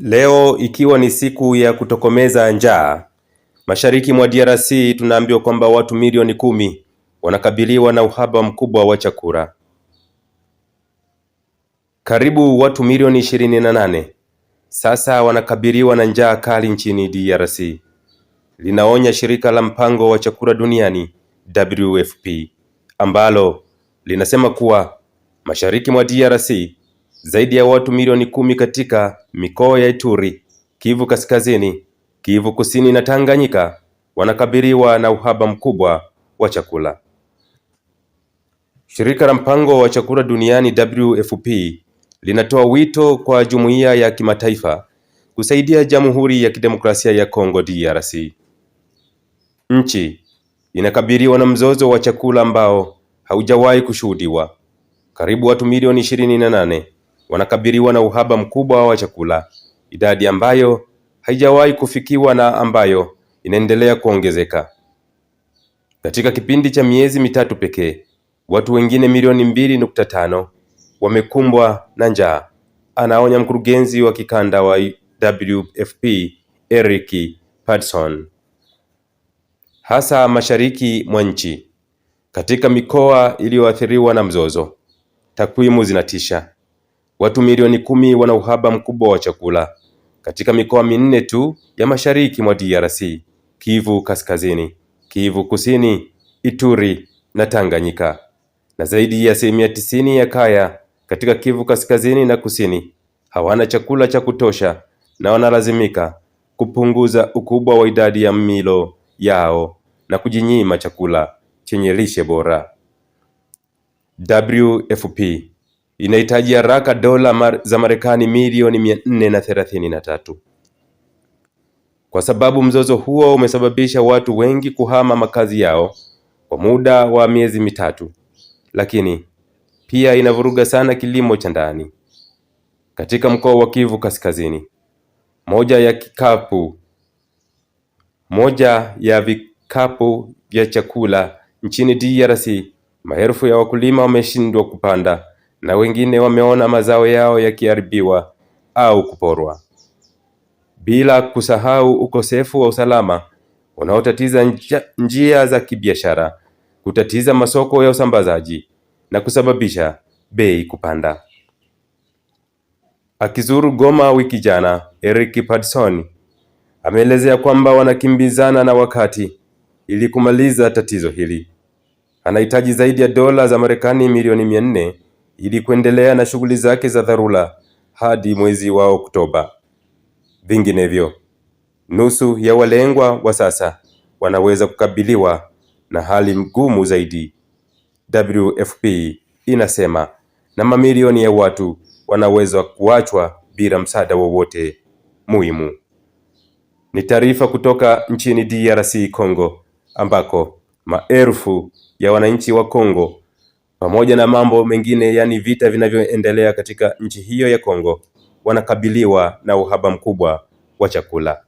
Leo ikiwa ni siku ya kutokomeza njaa mashariki mwa DRC, tunaambiwa kwamba watu milioni kumi wanakabiliwa na uhaba mkubwa wa chakula. Karibu watu milioni ishirini na nane sasa wanakabiliwa na njaa kali nchini DRC, linaonya shirika la mpango wa chakula duniani WFP ambalo linasema kuwa mashariki mwa DRC zaidi ya watu milioni kumi katika mikoa ya Ituri, Kivu Kaskazini, Kivu Kusini na Tanganyika wanakabiliwa na uhaba mkubwa wa chakula. Shirika la mpango wa chakula duniani WFP linatoa wito kwa jumuiya ya kimataifa kusaidia Jamhuri ya Kidemokrasia ya Kongo DRC. Nchi inakabiliwa na mzozo wa chakula ambao haujawahi kushuhudiwa. Karibu watu milioni ishirini na nane wanakabiliwa na uhaba mkubwa wa chakula, idadi ambayo haijawahi kufikiwa na ambayo inaendelea kuongezeka. Katika kipindi cha miezi mitatu pekee, watu wengine milioni mbili nukta tano wamekumbwa na njaa, anaonya mkurugenzi wa kikanda wa WFP Eric Patson, hasa mashariki mwa nchi katika mikoa iliyoathiriwa na mzozo. Takwimu zinatisha watu milioni kumi wana uhaba mkubwa wa chakula katika mikoa minne tu ya mashariki mwa DRC: Kivu Kaskazini, Kivu Kusini, Ituri na Tanganyika, na zaidi ya asilimia tisini ya kaya katika Kivu Kaskazini na Kusini hawana chakula cha kutosha na wanalazimika kupunguza ukubwa wa idadi ya milo yao na kujinyima chakula chenye lishe bora. WFP inahitaji haraka dola mar za Marekani milioni mia nne na thelathini na tatu kwa sababu mzozo huo umesababisha watu wengi kuhama makazi yao kwa muda wa miezi mitatu, lakini pia inavuruga sana kilimo cha ndani katika mkoa wa Kivu Kaskazini. Moja ya kikapu moja ya vikapu vya chakula nchini DRC, maelfu ya wakulima wameshindwa kupanda na wengine wameona mazao yao yakiharibiwa au kuporwa, bila kusahau ukosefu wa usalama unaotatiza njia za kibiashara, kutatiza masoko ya usambazaji na kusababisha bei kupanda. Akizuru Goma wiki jana, Eric Patson ameelezea kwamba wanakimbizana na wakati ili kumaliza tatizo hili. Anahitaji zaidi ya dola za Marekani milioni mia nne ili kuendelea na shughuli zake za dharura hadi mwezi wa Oktoba. Vinginevyo, nusu ya walengwa wa sasa wanaweza kukabiliwa na hali ngumu zaidi, WFP inasema, na mamilioni ya watu wanaweza kuachwa bila msaada wowote muhimu. Ni taarifa kutoka nchini DRC Congo ambako maelfu ya wananchi wa Congo pamoja na mambo mengine, yaani vita vinavyoendelea katika nchi hiyo ya Kongo, wanakabiliwa na uhaba mkubwa wa chakula.